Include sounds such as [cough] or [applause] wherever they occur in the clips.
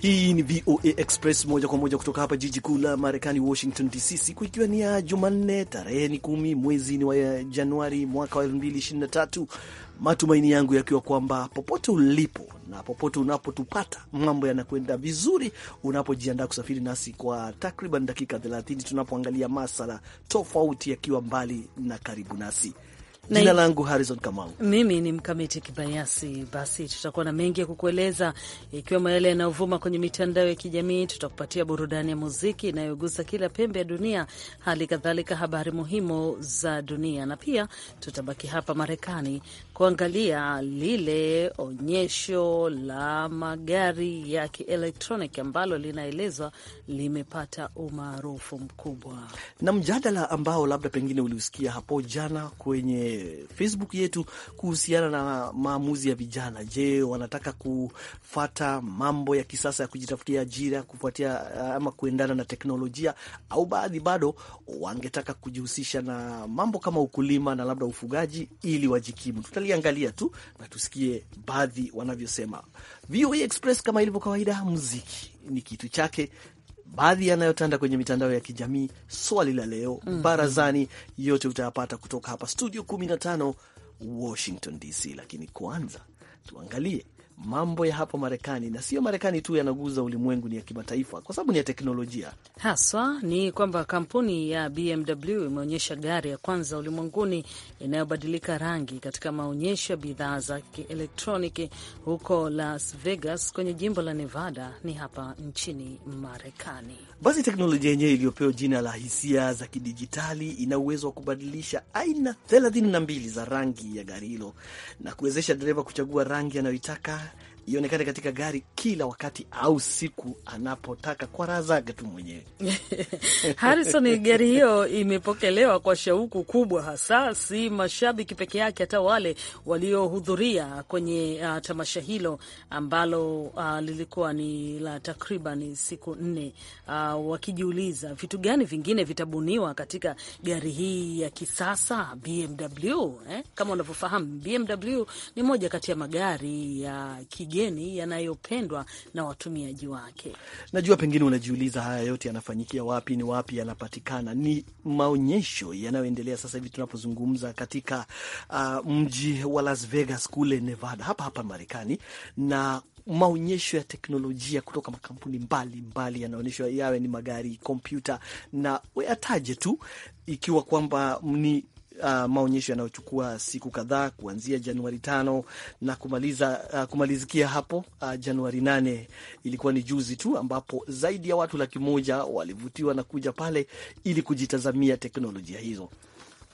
Hii ni VOA Express moja kwa moja kutoka hapa jiji kuu la Marekani, Washington DC, siku ikiwa ni ya Jumanne tarehe ni kumi mwezi ni wa Januari mwaka wa tatu. Matumaini yangu yakiwa kwamba popote ulipo na popote unapotupata mambo yanakwenda vizuri, unapojiandaa kusafiri nasi kwa takriban dakika 30 tunapoangalia masala tofauti yakiwa mbali na karibu nasi. Jina langu Harrison Kamau, mimi ni mkamiti kibayasi. Basi tutakuwa na mengi ya kukueleza, ikiwemo yale yanayovuma kwenye mitandao ya kijamii. Tutakupatia burudani ya muziki inayogusa kila pembe ya dunia, hali kadhalika habari muhimu za dunia, na pia tutabaki hapa Marekani kuangalia lile onyesho la magari ya kielektronik ambalo linaelezwa limepata umaarufu mkubwa na mjadala ambao labda pengine uliusikia hapo jana kwenye Facebook yetu kuhusiana na maamuzi ya vijana. Je, wanataka kufata mambo ya kisasa ya kujitafutia ajira kufuatia eh, ama kuendana na teknolojia, au baadhi bado wangetaka kujihusisha na mambo kama ukulima na labda ufugaji ili wajikimu. Tutaliangalia tu na tusikie baadhi wanavyosema. VOA e Express kama ilivyo kawaida, muziki ni kitu chake baadhi yanayotanda kwenye mitandao ya kijamii, swali la leo mm -hmm. barazani, yote utayapata kutoka hapa studio 15 Washington DC. Lakini kwanza tuangalie mambo ya hapa Marekani na sio Marekani tu yanaguza ulimwengu, ni ya kimataifa, kwa sababu ni ya teknolojia haswa. Ni kwamba kampuni ya BMW imeonyesha gari ya kwanza ulimwenguni inayobadilika rangi katika maonyesho ya bidhaa za kielektroniki huko Las Vegas kwenye jimbo la Nevada, ni hapa nchini Marekani. Basi teknolojia yenyewe iliyopewa jina la hisia za kidijitali ina uwezo wa kubadilisha aina 32 za rangi ya gari hilo na kuwezesha dereva kuchagua rangi anayoitaka ionekane katika gari kila wakati au siku anapotaka kwa raha zake tu mwenyewe. [laughs] Harrison, gari hiyo imepokelewa kwa shauku kubwa, hasa si mashabiki peke yake, hata wale waliohudhuria kwenye uh, tamasha hilo ambalo uh, lilikuwa ni la takriban siku nne, uh, wakijiuliza vitu gani vingine vitabuniwa katika gari hii ya kisasa BMW eh? Kama unavyofahamu BMW ni moja kati ya magari ya uh, kigeni yanayopendwa na watumiaji wake. Najua pengine unajiuliza haya yote yanafanyikia wapi, ni wapi yanapatikana? Ni maonyesho yanayoendelea sasa hivi tunapozungumza katika uh, mji wa Las Vegas kule Nevada, hapa hapa Marekani na maonyesho ya teknolojia kutoka makampuni mbalimbali yanaonyeshwa, yawe ni magari, kompyuta na yataje tu, ikiwa kwamba ni uh, maonyesho yanayochukua siku kadhaa kuanzia Januari tano na kumaliza, uh, kumalizikia hapo uh, Januari nane. Ilikuwa ni juzi tu ambapo zaidi ya watu laki moja walivutiwa na kuja pale ili kujitazamia teknolojia hizo.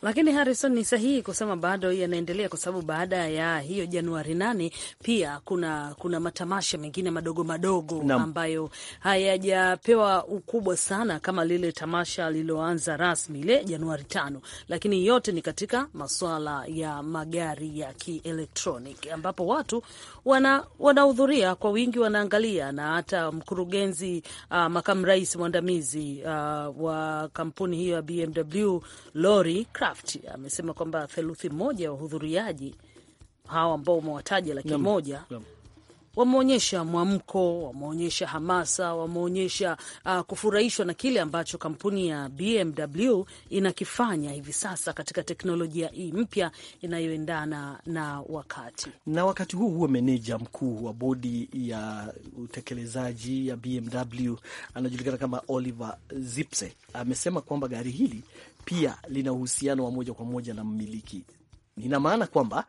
Lakini Harrison, ni sahihi kusema bado yanaendelea, kwa sababu baada ya hiyo Januari nane pia kuna kuna matamasha mengine madogo madogo Nam. ambayo hayajapewa ukubwa sana kama lile tamasha lililoanza rasmi ile Januari tano, lakini yote ni katika masuala ya magari ya kielektroniki ambapo watu wanahudhuria wana kwa wingi, wanaangalia na hata mkurugenzi uh, makamu rais mwandamizi uh, wa kampuni hiyo ya BMW Lori Microsoft amesema kwamba theluthi moja ya wahudhuriaji hawa ambao umewataja laki Namu. moja Namu wameonyesha mwamko, wameonyesha hamasa, wameonyesha uh, kufurahishwa na kile ambacho kampuni ya BMW inakifanya hivi sasa katika teknolojia hii mpya inayoendana na wakati. Na wakati huu huo, meneja mkuu wa bodi ya utekelezaji ya BMW anajulikana kama Oliver Zipse amesema kwamba gari hili pia lina uhusiano wa moja kwa moja na mmiliki. Ina maana kwamba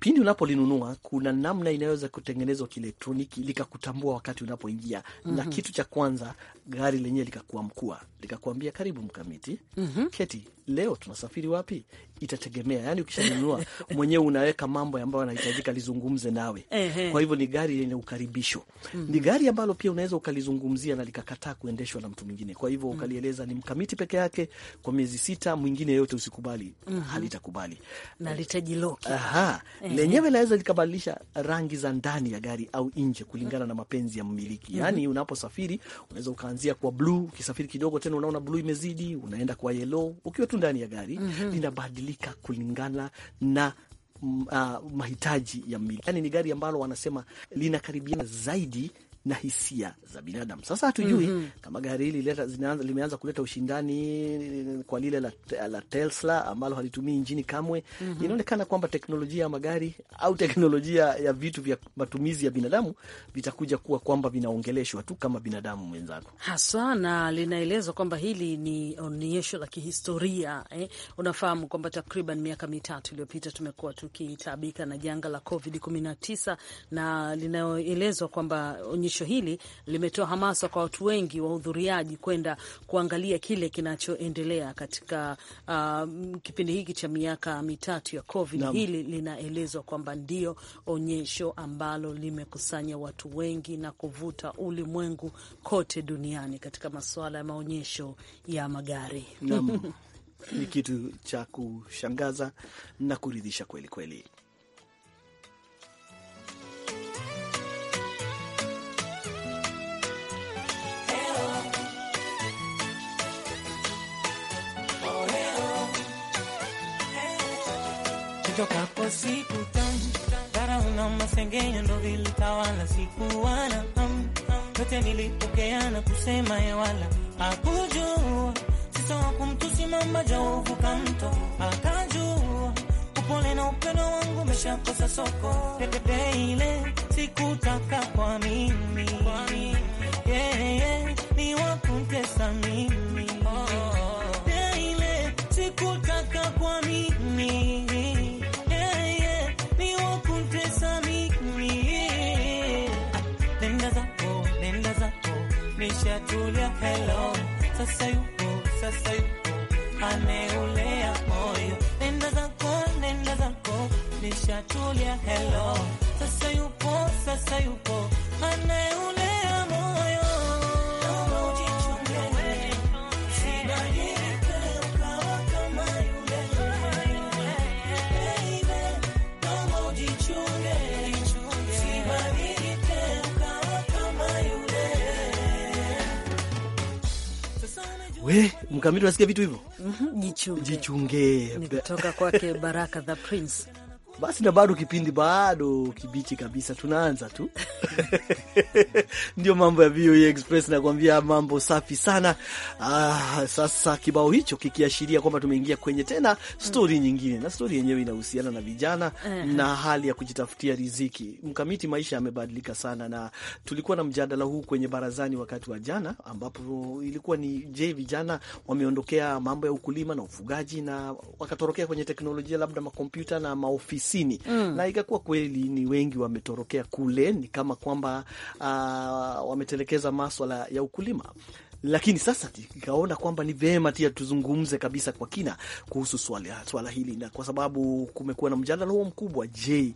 pindi unapolinunua kuna namna inayoweza kutengenezwa kielektroniki likakutambua wakati unapoingia. mm -hmm. Na mhm. kitu cha kwanza gari lenyewe likakuamkua likakuambia, karibu Mkamiti. mm -hmm. Keti, leo tunasafiri wapi? itategemea, yani ukishanunua [laughs] mwenyewe unaweka mambo ambayo anahitajika lizungumze nawe. Kwa hivyo ni gari lenye ukaribisho, mhm. ni gari ambalo pia unaweza ukalizungumzia na likakataa kuendeshwa na mtu mwingine. Kwa hivyo mhm. ukalieleza ni mkamiti peke yake kwa miezi sita, mwingine yote usikubali, mhm. halitakubali na litajiloki. Aha, lenyewe laweza likabadilisha rangi za ndani ya gari au nje kulingana na mapenzi ya mmiliki. Yani unaposafiri unaweza ukaanzia kwa bluu, ukisafiri kidogo tena unaona bluu imezidi, unaenda kwa yellow, ukiwa tu ndani ya gari linabadilika kubadilika kulingana na Uh, mahitaji ya mili. Yani ni gari ambalo wanasema linakaribiana zaidi na hisia za binadamu. Sasa hatujui mm -hmm. kama gari hili limeanza kuleta ushindani kwa lile la, la Tesla ambalo halitumii injini kamwe mm -hmm. inaonekana kwamba teknolojia ya magari au teknolojia ya vitu vya matumizi ya binadamu vitakuja kuwa kwamba vinaongeleshwa tu kama binadamu mwenzako haswa, na linaelezwa kwamba hili ni onyesho la kihistoria eh. Unafahamu kwamba takriban miaka mitatu iliyopita tumekuwa tukitabika na janga la COVID 19 na linaelezwa kwamba onyesho onyesho hili limetoa hamasa kwa watu wengi wahudhuriaji kwenda kuangalia kile kinachoendelea katika uh, kipindi hiki cha miaka mitatu ya COVID. Naam. Hili linaelezwa kwamba ndio onyesho ambalo limekusanya watu wengi na kuvuta ulimwengu kote duniani katika masuala ya maonyesho ya magari. Naam. [laughs] Ni kitu cha kushangaza na kuridhisha kweli kweli. kutoka kwa siku tamu, dharauna masengenyo ndo vilitawala, sikuwana hamu yote na kusema ya wala hakujua, sisa mamba jauvuka mto akajua, upole na upendo wangu umeshakosa soko, pepepe ile sikutaka kwa mimi kwa mimi yeah, yeah, ni wakuntesa mimi, oh, oh, oh. Pepepe ile sikutaka kwa mimi Julia Kelo, sasa yupo, sasa yupo, ameulea moyo, nenda zako, nenda zako, sasa yupo, sasa yupo, ameulea We mkamiti, unasikia vitu hivyo, mhm, jichunge. Nikitoka kwake Baraka the Prince basi na bado kipindi bado kibichi kabisa, tunaanza tu [laughs] ndio mambo ya VOA e Express, nakuambia mambo safi sana. Ah, sasa kibao hicho kikiashiria kwamba tumeingia kwenye tena stori mm. nyingine, na stori yenyewe inahusiana na vijana uh -huh. na hali ya kujitafutia riziki. Mkamiti, maisha yamebadilika sana, na tulikuwa na mjadala huu kwenye barazani wakati wa jana, ambapo ilikuwa ni je, vijana wameondokea mambo ya ukulima na ufugaji na wakatorokea kwenye teknolojia, labda makompyuta na maofisi tisini mm. na ikakuwa kweli ni wengi wametorokea kule, ni kama kwamba uh, wametelekeza maswala ya ukulima lakini sasa ikaona kwamba ni vema tia tuzungumze kabisa kwa kina kuhusu swala, swala hili, na kwa sababu kumekuwa na mjadala huo mkubwa. Je,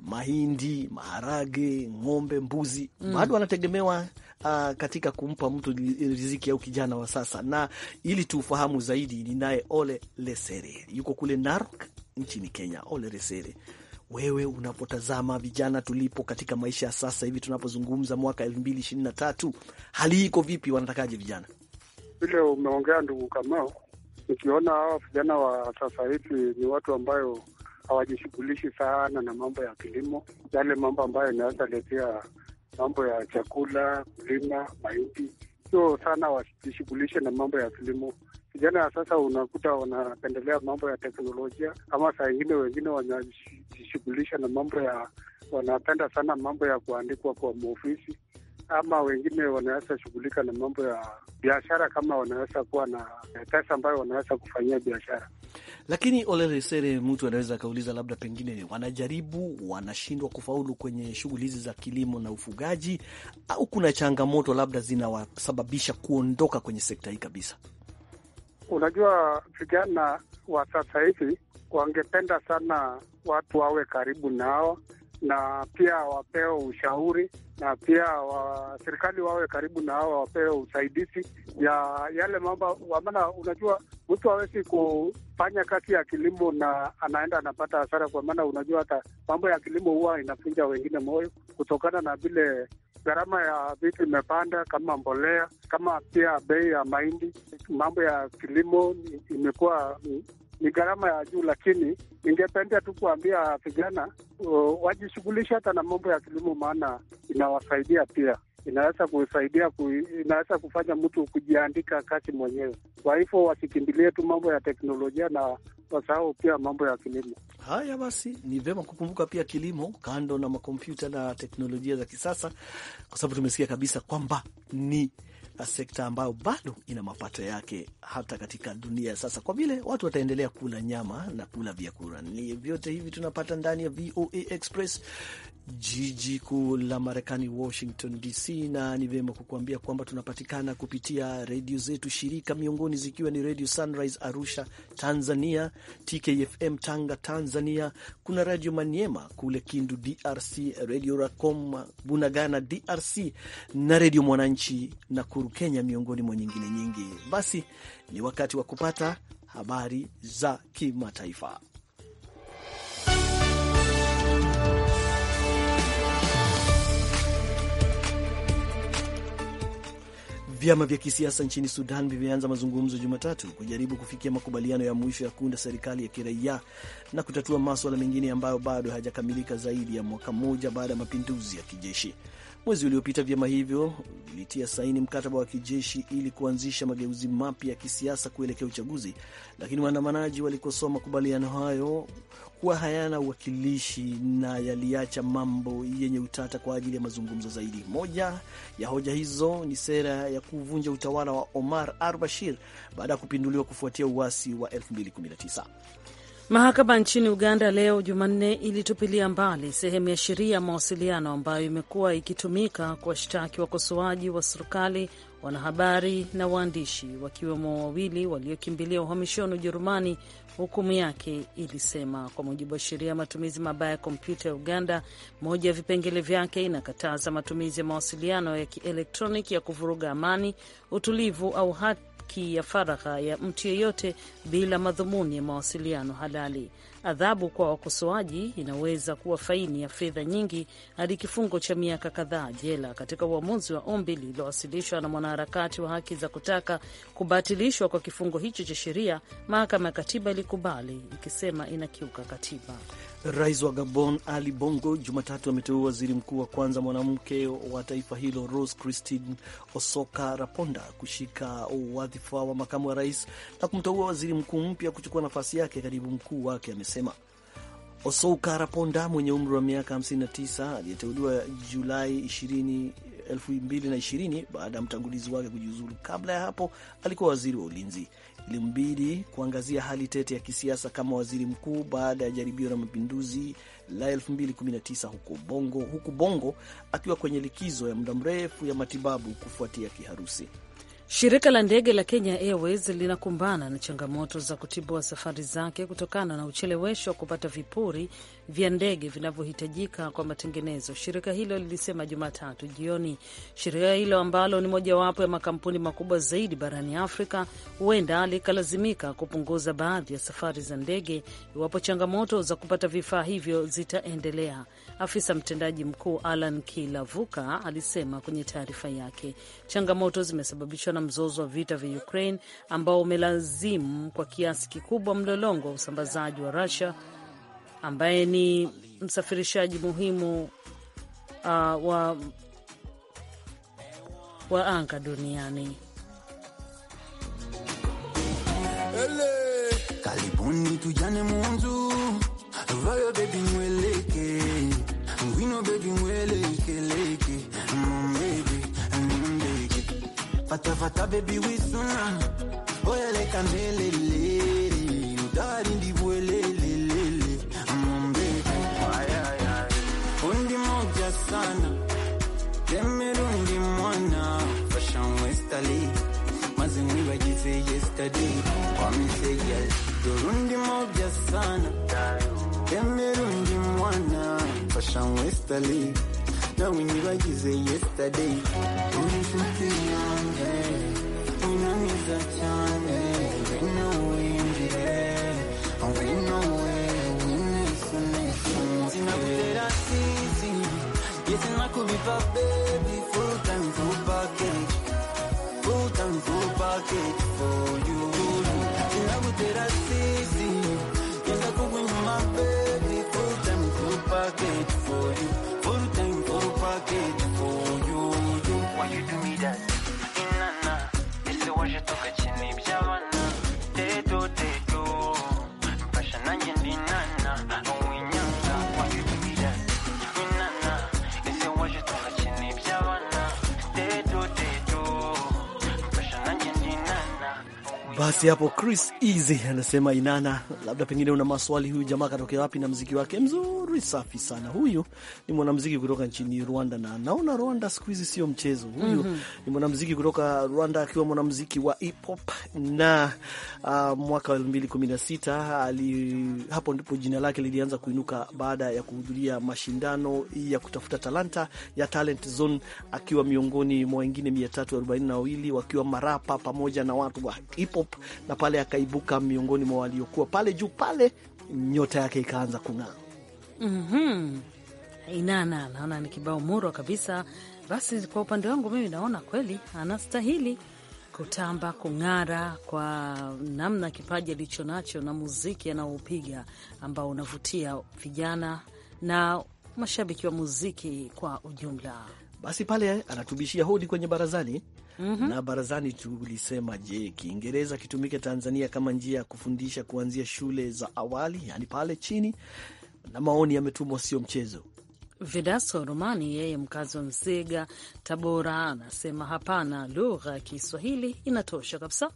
mahindi, maharage, ng'ombe, mbuzi mm. bado wanategemewa uh, katika kumpa mtu riziki au kijana wa sasa? Na ili tuufahamu zaidi, ninaye Ole Lesere, yuko kule Narok nchini Kenya. Ole Resere, wewe unapotazama vijana tulipo katika maisha ya sasa hivi, tunapozungumza mwaka elfu mbili ishirini na tatu, hali iko vipi? Wanatakaje vijana? Vile umeongea ndugu Kamao, ukiona hawa vijana wa sasa hivi ni watu ambayo hawajishughulishi sana na mambo ya kilimo, yale mambo ambayo inaweza letea mambo ya chakula, kulima mahindi, sio sana wajishughulishe na mambo ya kilimo Vijana ya sasa unakuta wanapendelea mambo ya teknolojia, ama saa ingine wengine wanajishughulisha na mambo ya, wanapenda sana mambo ya kuandikwa kwa maofisi, ama wengine wanaweza shughulika na mambo ya biashara, kama wanaweza kuwa na pesa ambayo wanaweza kufanyia biashara. Lakini Oleresere, mtu anaweza akauliza, labda pengine wanajaribu wanashindwa kufaulu kwenye shughuli hizi za kilimo na ufugaji, au kuna changamoto labda zinawasababisha kuondoka kwenye sekta hii kabisa? Unajua, vijana wa sasa hivi wangependa sana watu wawe karibu nao na pia wapewe ushauri na pia wa, serikali wawe karibu na hao wapewe usaidizi ya yale mambo, maana unajua mtu hawezi kufanya kazi ya kilimo na anaenda anapata hasara, kwa maana unajua hata mambo ya kilimo huwa inafunja wengine moyo kutokana na vile gharama ya vitu imepanda kama mbolea, kama pia bei ya mahindi, mambo ya kilimo imekuwa ni gharama ya juu, lakini ningependa tu kuambia vijana uh, wajishughulishe hata na mambo ya kilimo, maana inawasaidia pia inaweza kusaidia ku, inaweza kufanya mtu kujiandika kazi mwenyewe. Kwa hivyo wasikimbilie tu mambo ya teknolojia na wasahau pia mambo ya kilimo. Haya basi, ni vyema kukumbuka pia kilimo, kando na makompyuta na teknolojia za kisasa, kwa sababu tumesikia kabisa kwamba ni sekta ambayo bado ina mapato yake hata katika dunia sasa, kwa vile watu wataendelea kula nyama na kula vyakula. Ni vyote hivi tunapata ndani ya VOA Express, jiji kuu la Marekani, Washington DC, na ni vyema kukuambia kwamba tunapatikana kupitia redio zetu shirika, miongoni zikiwa ni redio Sunrise Arusha Tanzania, TKFM Tanga Tanzania, kuna Radio Maniema kule Kindu DRC, redio Racom Bunagana DRC na Redio Mwananchi Nakuru Kenya, miongoni mwa nyingine nyingi. Basi ni wakati wa kupata habari za kimataifa. Vyama vya kisiasa nchini Sudan vimeanza mazungumzo Jumatatu kujaribu kufikia makubaliano ya mwisho ya kuunda serikali ya kiraia na kutatua maswala mengine ambayo bado hayajakamilika zaidi ya mwaka mmoja baada ya mapinduzi ya kijeshi. Mwezi uliopita vyama hivyo vilitia saini mkataba wa kijeshi ili kuanzisha mageuzi mapya ya kisiasa kuelekea uchaguzi, lakini waandamanaji walikosoa makubaliano hayo kuwa hayana uwakilishi na yaliacha mambo yenye utata kwa ajili ya mazungumzo zaidi. Moja ya hoja hizo ni sera ya kuvunja utawala wa Omar al-Bashir baada ya kupinduliwa kufuatia uasi wa 2019. Mahakama nchini Uganda leo Jumanne ilitupilia mbali sehemu ya sheria ya mawasiliano ambayo imekuwa ikitumika kuwashtaki wakosoaji wa serikali, wanahabari na waandishi, wakiwemo wawili waliokimbilia uhamishoni Ujerumani. Hukumu yake ilisema, kwa mujibu wa sheria ya matumizi mabaya ya kompyuta ya Uganda, moja ya vipengele vyake inakataza matumizi ya mawasiliano ya kielektroniki ya kuvuruga amani, utulivu au hati haki ya faragha ya mtu yeyote bila madhumuni ya mawasiliano halali. Adhabu kwa wakosoaji inaweza kuwa faini ya fedha nyingi hadi kifungo cha miaka kadhaa jela, katika uamuzi wa ombi lililowasilishwa na mwanaharakati wa haki za kutaka kubatilishwa kwa kifungo hicho cha sheria. Mahakama ya Katiba ilikubali ikisema inakiuka katiba. Rais wa Gabon Ali Bongo Jumatatu ameteua waziri mkuu wa kwanza mwanamke wa taifa hilo Rose Christine Osoka Raponda kushika wadhifa wa makamu wa rais na kumteua waziri mkuu mpya kuchukua nafasi yake, katibu mkuu wake amesema amesema. Osouka Raponda mwenye umri wa miaka 59 aliyeteuliwa Julai 20, 2020 baada ya mtangulizi wake kujiuzulu. Kabla ya hapo alikuwa waziri wa ulinzi. Ilimbidi kuangazia hali tete ya kisiasa kama waziri mkuu baada ya jaribio la mapinduzi la 2019 huko Bongo, huku Bongo akiwa kwenye likizo ya muda mrefu ya matibabu kufuatia kiharusi. Shirika la ndege la Kenya Airways linakumbana na changamoto za kutibua safari zake kutokana na uchelewesho wa kupata vipuri vya ndege vinavyohitajika kwa matengenezo, shirika hilo lilisema Jumatatu jioni. Shirika hilo ambalo ni mojawapo ya makampuni makubwa zaidi barani Afrika huenda likalazimika kupunguza baadhi ya safari za ndege iwapo changamoto za kupata vifaa hivyo zitaendelea. Afisa mtendaji mkuu Alan Kilavuka alisema kwenye taarifa yake, changamoto zimesababishwa na mzozo wa vita vya ukrain Ukraine ambao umelazimu kwa kiasi kikubwa mlolongo wa usambazaji wa Russia ambaye ni msafirishaji muhimu uh, wa, wa anga duniani. Hey, Yesterday, wameseja Burundi moja sana Sean Westerly. Now we knew I just say yesterday. Only for young, eh? We know it's a chance, eh? We know we need it, eh? and we know we listen, listen. Eh? See, now we did that easy. Yes, and I baby. Full time, full package. Full time, full package for you. Basi hapo Chris Easy anasema Inana, labda pengine una maswali, huyu jamaa katokea wapi na mziki wake mzuri, safi sana. Huyu ni mwanamziki kutoka nchini Rwanda, na naona Rwanda siku hizi sio mchezo. Huyu mm -hmm. ni mwanamziki kutoka Rwanda akiwa mwanamziki wa hip hop na uh, mwaka wa 2016 ali, hapo ndipo jina lake lilianza kuinuka baada ya kuhudhuria mashindano ya kutafuta talanta ya Talent Zone akiwa miongoni mwa wengine 342 wakiwa marapa pamoja na watu wa hip hop Cup, na pale akaibuka miongoni mwa waliokuwa pale juu pale, nyota yake ikaanza kung'aa. mm -hmm. Inana naona ni kibao murwa kabisa. Basi kwa upande wangu mimi naona kweli anastahili kutamba kung'ara kwa namna kipaji alicho nacho na muziki anaoupiga ambao unavutia vijana na mashabiki wa muziki kwa ujumla. Basi pale anatubishia hodi kwenye barazani -hmm. na barazani tulisema, je, Kiingereza kitumike Tanzania kama njia ya kufundisha kuanzia shule za awali, yani pale chini, na maoni yametumwa, sio mchezo. Vedasto Romani, yeye mkazi wa msega Tabora, anasema hapana, lugha ya Kiswahili inatosha kabisa.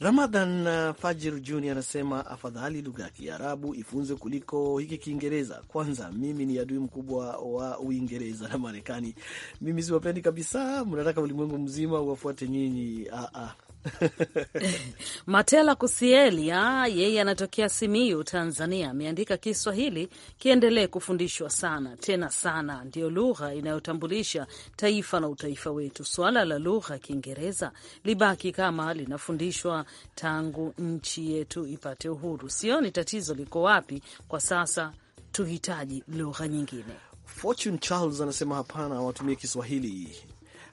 Ramadhan uh, Fajir Juni anasema afadhali lugha ya Kiarabu ifunzwe kuliko hiki Kiingereza. Kwanza mimi ni adui mkubwa wa Uingereza na Marekani. Mimi siwapendi kabisa, mnataka ulimwengu mzima uwafuate nyinyi. Ah, ah. [laughs] Matela Kusielia ah, yeye anatokea Simiyu, Tanzania, ameandika Kiswahili kiendelee kufundishwa sana tena sana, ndiyo lugha inayotambulisha taifa na utaifa wetu. Suala la lugha ya Kiingereza libaki kama linafundishwa tangu nchi yetu ipate uhuru. Sioni tatizo liko wapi kwa sasa, tuhitaji lugha nyingine. Fortune Charles anasema hapana, watumie Kiswahili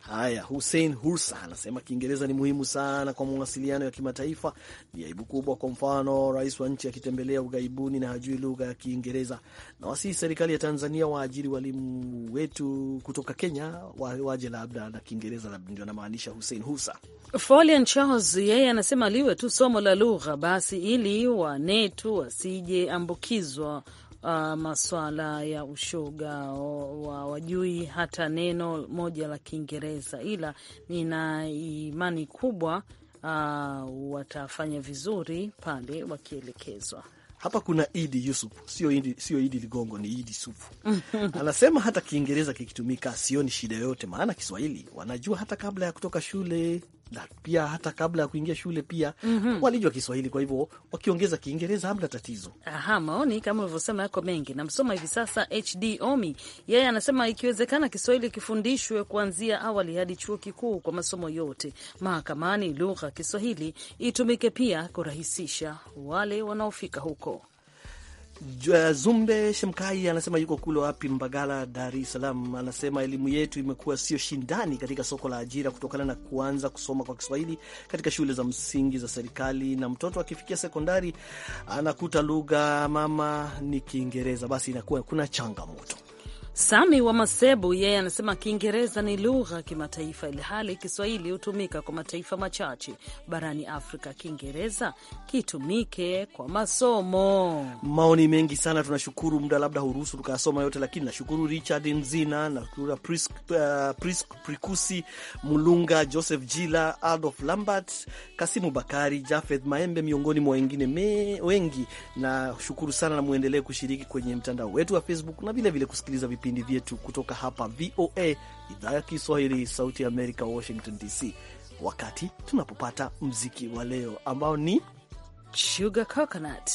Haya, Hussein Hursa anasema Kiingereza ni muhimu sana kwa mawasiliano ya kimataifa. Ni aibu kubwa, kwa mfano rais wa nchi akitembelea ughaibuni na hajui lugha ya Kiingereza. Na wasihi serikali ya Tanzania waajiri walimu wetu kutoka Kenya waje labda na Kiingereza, labda ndio anamaanisha Hussein Hursa. Folian Charles yeye anasema liwe tu somo la lugha basi, ili wanetu wasije ambukizwa uh, maswala ya ushoga wa wajui hata neno moja la Kiingereza, ila nina imani kubwa uh, watafanya vizuri pale wakielekezwa. Hapa kuna Idi Yusuf, sio Idi, sio Idi Ligongo, ni Idi Sufu [laughs] anasema hata Kiingereza kikitumika sioni shida yoyote, maana Kiswahili wanajua hata kabla ya kutoka shule na pia hata kabla ya kuingia shule pia mm -hmm. walijua Kiswahili, kwa hivyo wakiongeza Kiingereza hamna tatizo. Aha, maoni kama ulivyosema yako mengi. Namsoma hivi sasa HD Omi, yeye anasema ikiwezekana Kiswahili kifundishwe kuanzia awali hadi chuo kikuu kwa masomo yote. Mahakamani lugha Kiswahili itumike pia kurahisisha wale wanaofika huko. Eh, Zumbe Shemkai anasema yuko kule wapi, Mbagala, Dar es Salaam. Anasema elimu yetu imekuwa sio shindani katika soko la ajira kutokana na kuanza kusoma kwa Kiswahili katika shule za msingi za serikali, na mtoto akifikia sekondari anakuta lugha mama ni Kiingereza, basi inakuwa kuna changamoto. Sami wa Masebu yeye anasema Kiingereza ni lugha kimataifa, ili hali Kiswahili hutumika kwa mataifa machache barani Afrika. Kiingereza kitumike kwa masomo. Maoni mengi sana, tunashukuru. Muda labda huruhusu tukayasoma yote, lakini nashukuru Richard Nzina nashukuru Prisk, uh, Prisk Prikusi Mulunga, Joseph Jila, Adolf Lambert, Kasimu Bakari, Jafeth Maembe, miongoni mwa wengine wengi. Nashukuru sana na mwendelee kushiriki kwenye mtandao wetu wa Facebook na vilevile kusikiliza vipindi vyetu kutoka hapa VOA idhaa ya Kiswahili, sauti ya Amerika, Washington DC, wakati tunapopata mziki wa leo ambao ni Sugar Coconut.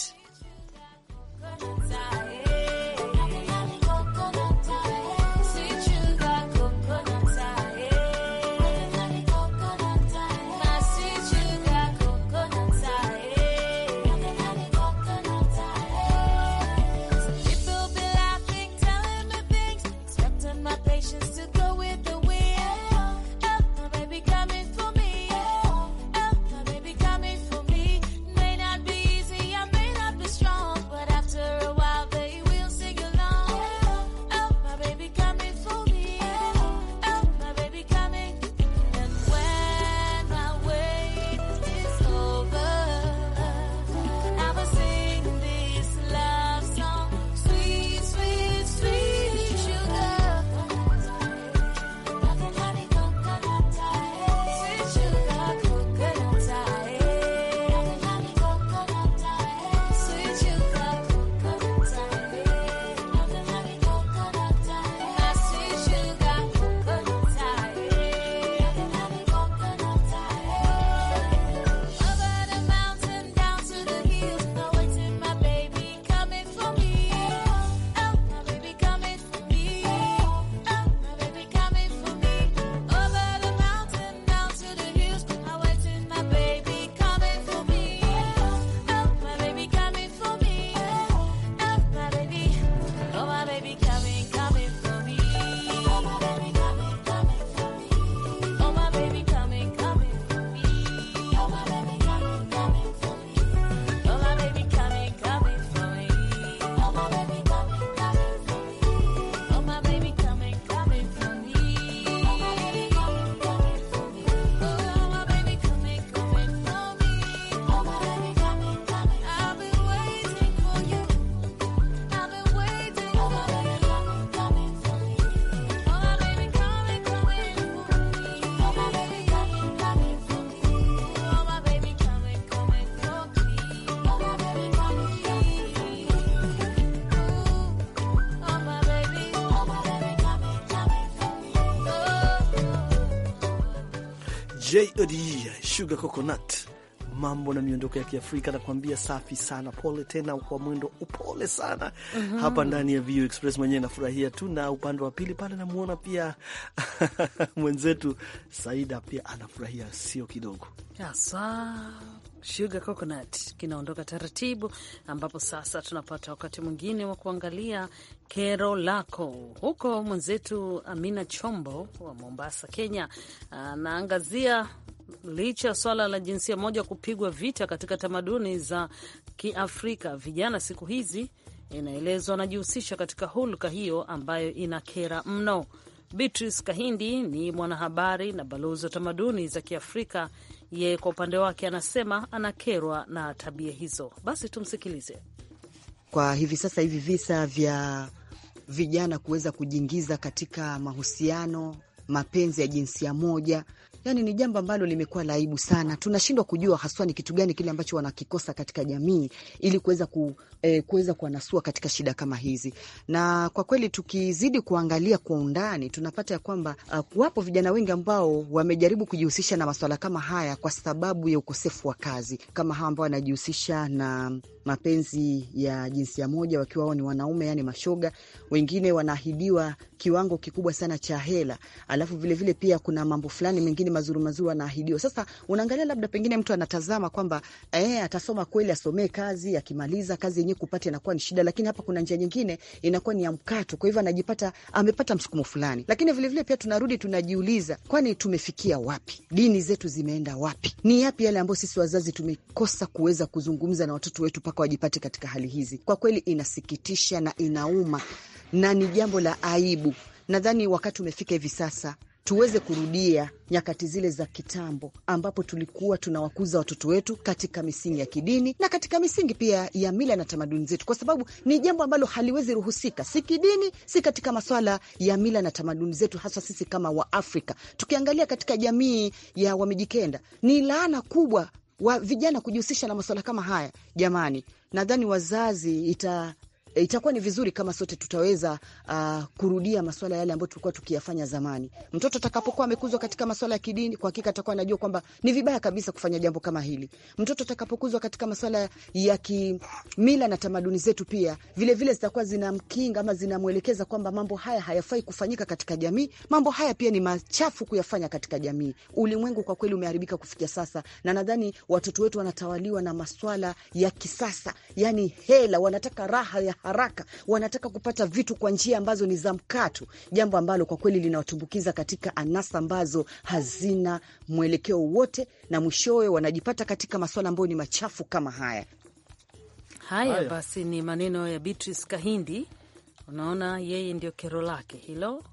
JOD e, Sugar Coconut, mambo na miondoko ya Kiafrika nakuambia, safi sana, pole tena kwa mwendo upole sana mm -hmm. Hapa ndani ya VU Express mwenyewe nafurahia tu, na upande wa pili pale namwona pia [laughs] mwenzetu Saida pia anafurahia sio kidogo hasa. Sugar Coconut kinaondoka taratibu, ambapo sasa tunapata wakati mwingine wa kuangalia Kero lako huko. Mwenzetu Amina Chombo wa Mombasa, Kenya, anaangazia licha ya swala la jinsia moja kupigwa vita katika tamaduni za Kiafrika, vijana siku hizi inaelezwa anajihusisha katika hulka hiyo ambayo inakera mno. Beatrice Kahindi ni mwanahabari na balozi wa tamaduni za Kiafrika. Yeye kwa upande wake anasema anakerwa na tabia hizo. Basi tumsikilize kwa hivi sasa hivi visa vya vijana kuweza kujiingiza katika mahusiano mapenzi ya jinsia moja yani ni jambo ambalo limekuwa la aibu sana. Tunashindwa kujua haswa ni kitu gani kile ambacho wanakikosa katika jamii ili kuweza ku, eh, kuweza kuwanasua katika shida kama hizi. Na kwa kweli tukizidi kuangalia kwa undani tunapata ya kwamba uh, wapo vijana wengi ambao wamejaribu kujihusisha na maswala kama haya kwa sababu ya ukosefu wa kazi, kama hawa ambao wanajihusisha na mapenzi ya jinsia moja wakiwa wao ni wanaume, yani mashoga. Wengine wanaahidiwa kiwango kikubwa sana cha hela, alafu vilevile vile pia kuna mambo fulani mengine mazuri mazuri anaahidiwa. Sasa unaangalia labda pengine mtu anatazama kwamba eh, atasoma kweli, asomee kazi, akimaliza kazi yenyewe kupata inakuwa ni shida, lakini hapa kuna njia nyingine inakuwa ni ya mkato. Kwa hivyo anajipata amepata msukumo fulani, lakini vilevile vile pia tunarudi tunajiuliza, kwani tumefikia wapi? Dini zetu zimeenda wapi? Ni yapi yale ambayo sisi wazazi tumekosa kuweza kuzungumza na watoto wetu mpaka wajipate katika hali hizi? Kwa kweli inasikitisha na inauma na ni jambo la aibu. Nadhani wakati umefika hivi sasa tuweze kurudia nyakati zile za kitambo ambapo tulikuwa tunawakuza watoto wetu katika misingi ya kidini na katika misingi pia ya mila na tamaduni zetu, kwa sababu ni jambo ambalo haliwezi ruhusika, si kidini, si katika maswala ya mila na tamaduni zetu, haswa sisi kama Waafrika. Tukiangalia katika jamii ya Wamijikenda, ni laana kubwa wa vijana kujihusisha na maswala kama haya. Jamani, nadhani wazazi ita Eh, itakuwa ni vizuri kama sote tutaweza uh, kurudia masuala yale ambayo tulikuwa tukiyafanya zamani. Mtoto atakapokuwa amekuzwa katika masuala ya kidini, kwa hakika atakuwa anajua kwamba ni vibaya kabisa kufanya jambo kama hili. Mtoto atakapokuzwa katika masuala ya kimila na tamaduni zetu, pia vilevile zitakuwa zinamkinga ama zinamwelekeza kwamba mambo haya hayafai kufanyika katika jamii. Mambo haya pia ni machafu kuyafanya katika jamii. Ulimwengu kwa kweli umeharibika kufikia sasa, na nadhani watoto wetu wanatawaliwa na maswala ya kisasa, yani hela, wanataka raha ya haraka, wanataka kupata vitu kwa njia ambazo ni za mkato, jambo ambalo kwa kweli linawatumbukiza katika anasa ambazo hazina mwelekeo wote, na mwishowe wanajipata katika maswala ambayo ni machafu kama haya. Haya, haya basi, ni maneno ya Beatrice Kahindi. Unaona, yeye ndio kero lake hilo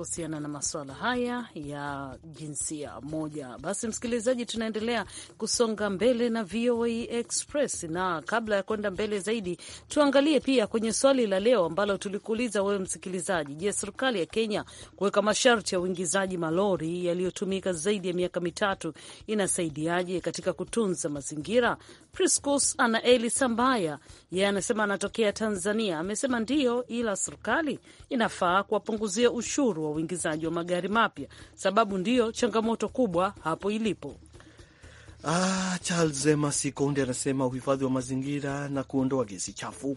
kuhusiana na maswala haya ya jinsia moja. Basi msikilizaji, tunaendelea kusonga mbele na VOA Express, na kabla ya kwenda mbele zaidi, tuangalie pia kwenye swali la leo ambalo tulikuuliza wewe msikilizaji. Je, serikali ya Kenya kuweka masharti ya uingizaji malori yaliyotumika zaidi ya miaka mitatu inasaidiaje katika kutunza mazingira? Priscus Anaeli Sambaya yeye anasema anatokea Tanzania, amesema ndiyo, ila serikali inafaa kuwapunguzia ushuru wa uingizaji wa magari mapya, sababu ndiyo changamoto kubwa hapo ilipo. Ah, Charles Masikonde anasema uhifadhi wa mazingira na kuondoa gesi chafu.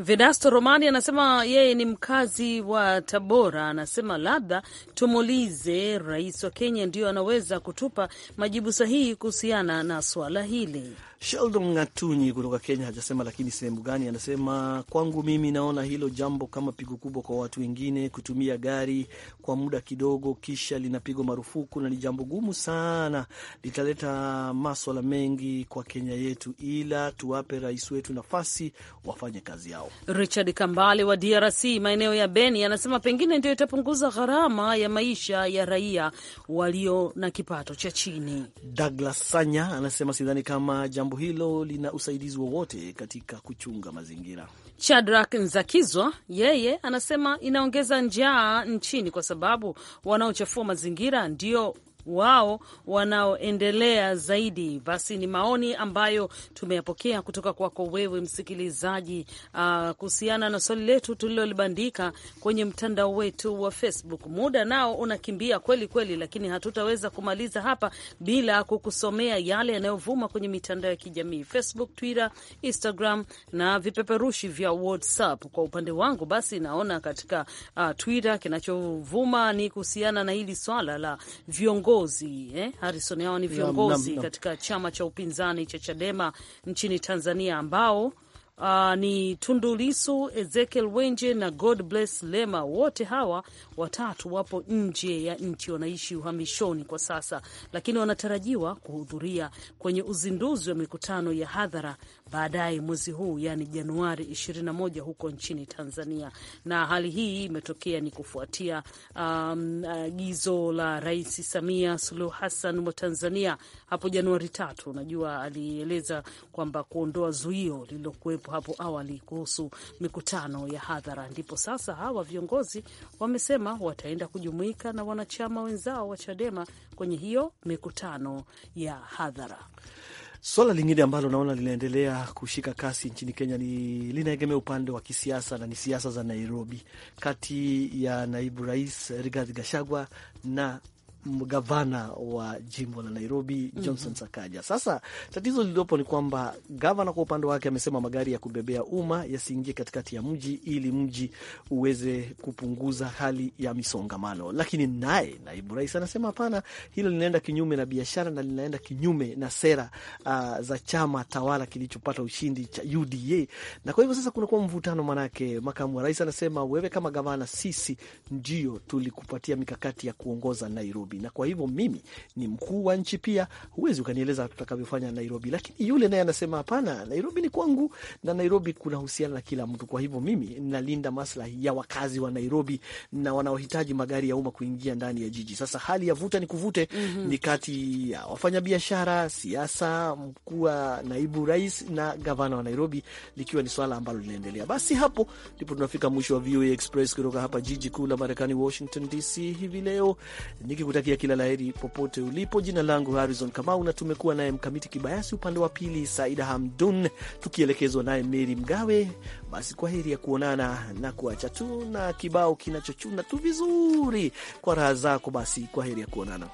Vedasto Romani anasema yeye ni mkazi wa Tabora, anasema labda tumulize rais wa Kenya, ndiyo anaweza kutupa majibu sahihi kuhusiana na swala hili. Sheldon Ngatunyi kutoka Kenya hajasema lakini sehemu gani, anasema kwangu mimi naona hilo jambo kama pigo kubwa kwa watu wengine kutumia gari kwa muda kidogo, kisha linapigwa marufuku, na ni jambo gumu sana, litaleta maswala mengi kwa Kenya yetu, ila tuwape rais wetu nafasi wafanye kazi yao. Richard Kambale wa DRC maeneo ya Beni anasema pengine ndio itapunguza gharama ya maisha ya raia walio na kipato cha chini. Douglas Sanya anasema sidhani kama jambo jambo hilo lina usaidizi wowote katika kuchunga mazingira. Chadrak Nzakizwa yeye anasema inaongeza njaa nchini kwa sababu wanaochafua mazingira ndio wao wanaoendelea zaidi. Basi ni maoni ambayo tumeyapokea kutoka kwako wewe msikilizaji, uh, kuhusiana na swali letu tulilolibandika kwenye mtandao wetu wa Facebook. Muda nao unakimbia kweli kweli, lakini hatutaweza kumaliza hapa bila kukusomea yale yanayovuma kwenye mitandao ya kijamii Facebook, Twitter, Instagram na vipeperushi vya WhatsApp. Kwa upande wangu basi naona katika uh, Twitter kinachovuma ni kuhusiana na hili swala la viongozi viongozi eh, Harrison, hawa ni viongozi katika chama cha upinzani cha Chadema nchini Tanzania ambao Uh, ni tundulisu Ezekiel Wenje na God Bless Lema. Wote hawa watatu wapo nje ya nchi, wanaishi uhamishoni kwa sasa, lakini wanatarajiwa kuhudhuria kwenye uzinduzi wa mikutano ya hadhara baadaye mwezi huu, yani Januari 21 huko nchini Tanzania. Na hali hii imetokea ni kufuatia um, agizo um, la Rais Samia Suluhu Hassan wa Tanzania hapo Januari tatu. Unajua, alieleza kwamba kuondoa zuio lililokuwepo hapo awali kuhusu mikutano ya hadhara, ndipo sasa hawa viongozi wamesema wataenda kujumuika na wanachama wenzao wa Chadema kwenye hiyo mikutano ya hadhara. Swala lingine ambalo naona linaendelea kushika kasi nchini Kenya ni linaegemea upande wa kisiasa na ni siasa za Nairobi, kati ya naibu rais Rigathi Gashagwa na gavana wa jimbo la Nairobi Johnson mm -hmm. Sakaja. Sasa tatizo lililopo ni kwamba gavana kwa upande wake amesema magari ya kubebea umma yasiingie katikati ya mji ili mji uweze kupunguza hali ya misongamano, lakini naye naibu rais anasema hapana, hilo linaenda kinyume na biashara na linaenda kinyume na sera uh, za chama tawala kilichopata ushindi cha UDA, na kwa hivyo sasa kunakuwa mvutano, manake makamu wa rais anasema wewe kama gavana, sisi ndio tulikupatia mikakati ya kuongoza Nairobi Nairobi, na kwa hivyo mimi ni mkuu wa nchi pia, huwezi ukanieleza tutakavyofanya Nairobi. Lakini yule naye anasema hapana, Nairobi ni kwangu na Nairobi kuna husiana na kila mtu. Kwa hivyo mimi nalinda maslahi ya wakazi wa Nairobi na wanaohitaji magari ya umma kuingia ndani ya jiji. Sasa hali ya vuta ni kuvute mm -hmm. ni kati ya wafanyabiashara, siasa, mkuu wa naibu rais na gavana wa Nairobi, likiwa ni swala ambalo linaendelea. Basi hapo ndipo tunafika mwisho wa VOA Express kutoka hapa jiji kuu la Marekani, Washington DC hivi leo nikikutakia nikikutakia kila laheri popote ulipo. Jina langu Harrison Kamau na tumekuwa naye Mkamiti Kibayasi, upande wa pili Saida Hamdun, tukielekezwa naye Meri Mgawe. Basi kwa heri ya kuonana na kuacha tu na kibao kinachochuna tu vizuri kwa raha zako. Basi kwa heri ya kuonana.